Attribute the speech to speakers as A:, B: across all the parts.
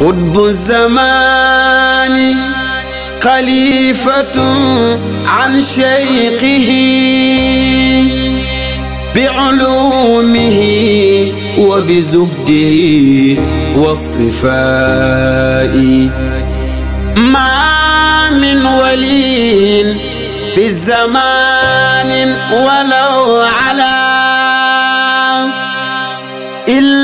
A: قطب الزمان خليفة عن شيقه بعلومه وبزهده والصفاء ما من ولي بالزمان ولو على إلا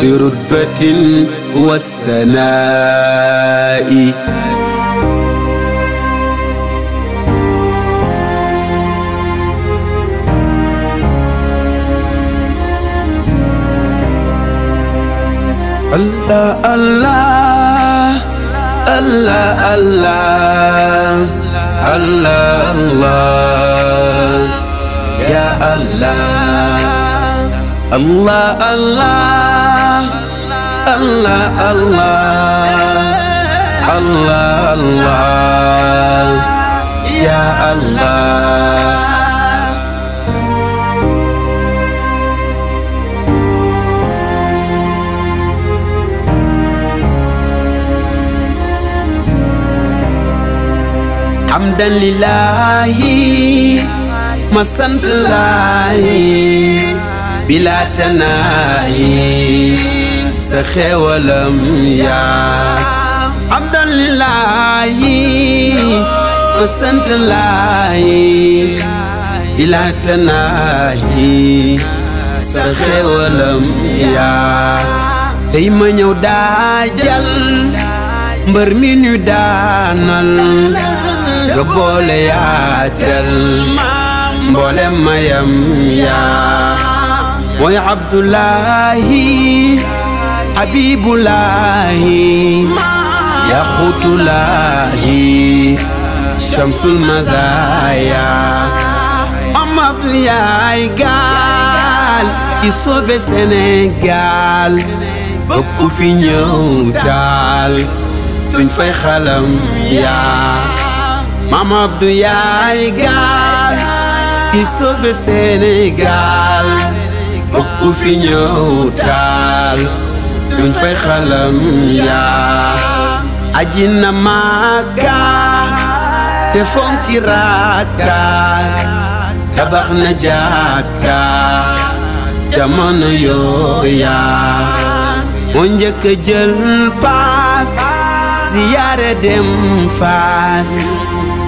A: برتبة والسناء الله الله الله الله الله الله يا الله الله الله الله الله الله الله يا الله حمدا لله مسنت الله بلا تناهي sa xewalam yaa abdan lillaahi ma sant laahi ilaatanaahi sa xewalam yaa tey ma ñëw daajal mbër mi ñu daanal nga boole yaatal mboole mayam yaa mooy Abdullahi habibulaahi ya xutulaahi shamsul madaaya amadu yaay gaal i sauvé Sénégal bëkku fi ñëw daal duñ fay xalam yaa maam Abdu yaay gaal i sauvé Sénégal bëkku fi ñëw daal duñ fay xalam yaa aji maaka te fonki raaka tabax na jaaka jamono yooya moo njëkk jël paas siyaare dem faas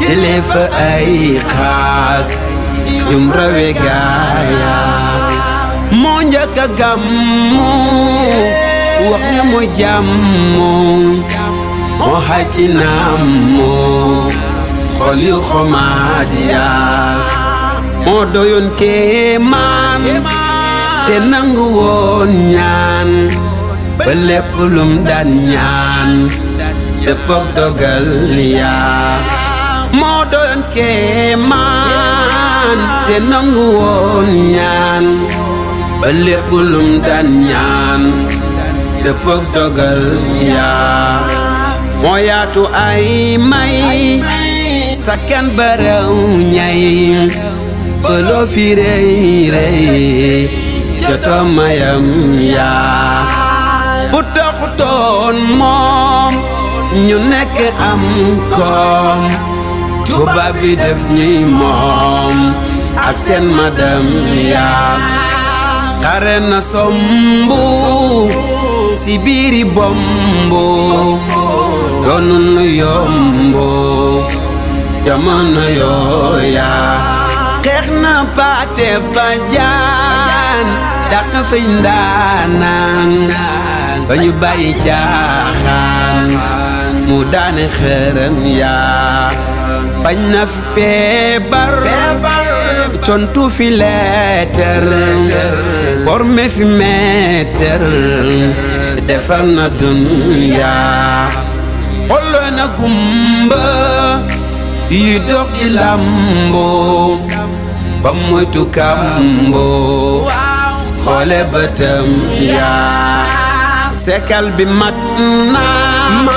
A: jëlee fa ay xaas yum rawe gaaya moo njëkk a gàmmu wax na mooy jàmmoo moo xaj ci nàmmoo xol yu xomaad yaa moo doyoon kéemaan te nangu woon ñaan ba lépp lum daan ñaan dëppook dogal yaa dëppëg dogal yaa moo yaatu ay may sa kenn ñay bëloo fi rëy rëy mayam yaa bu toxutoon moom ñu nekk am koom tubaab bi def ñuy moom ak madam yaa tare na sombu si biiri bombo yoonu nu yombo jamono yooya xeex na paate bajaan dàq fay ndaanaan ba ñu bàyyi caaxaan mu daane xërëm yaa bañ na fi feebar tontu fi leeter korme fi meeter defar na dunyaa xolloo na gumba yi dox ci làmbo moytu kàmbo xoole bëtam yaa sekal bi mat naa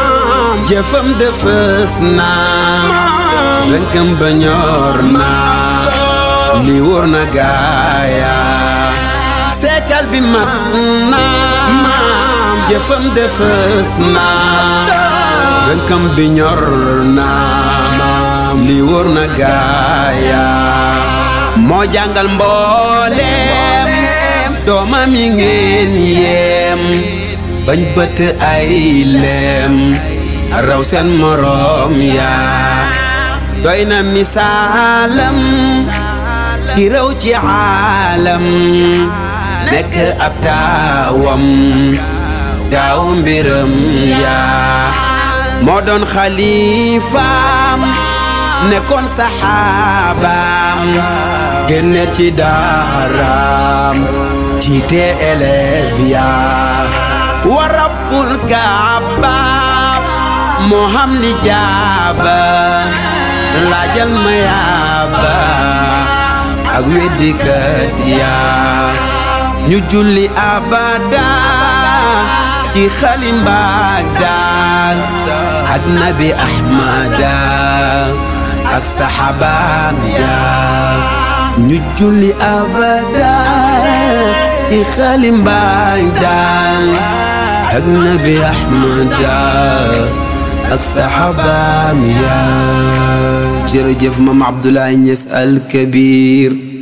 A: jëfam dëfës naa dënkam ba li wóor na gaaya cal bi mat naam jëfam defes naam rënkam bi ñor naam li wóor na gaaya moo jàngal mbooleem doomam yi ngeen yeem bañ bët ay leem raw seen moroom yaa doy na misaalam ki raw ci aalam nekk ab taawam daaw mbiram yaa moo doon xalifaam nekkoon saxaabaam génne ci daaraam tiite élève yaa wa rabbul kaaba moo xam li jaaba laajal ma yaaba ak weddikat yaa ñu julli abada ci xalim baada ak nabi ahmada ak sahaba ya ñu julli abada ci xalim baada ak nabi ahmada ak sahaba ya jërëjëf mam Abdoulaye Niass al Kabir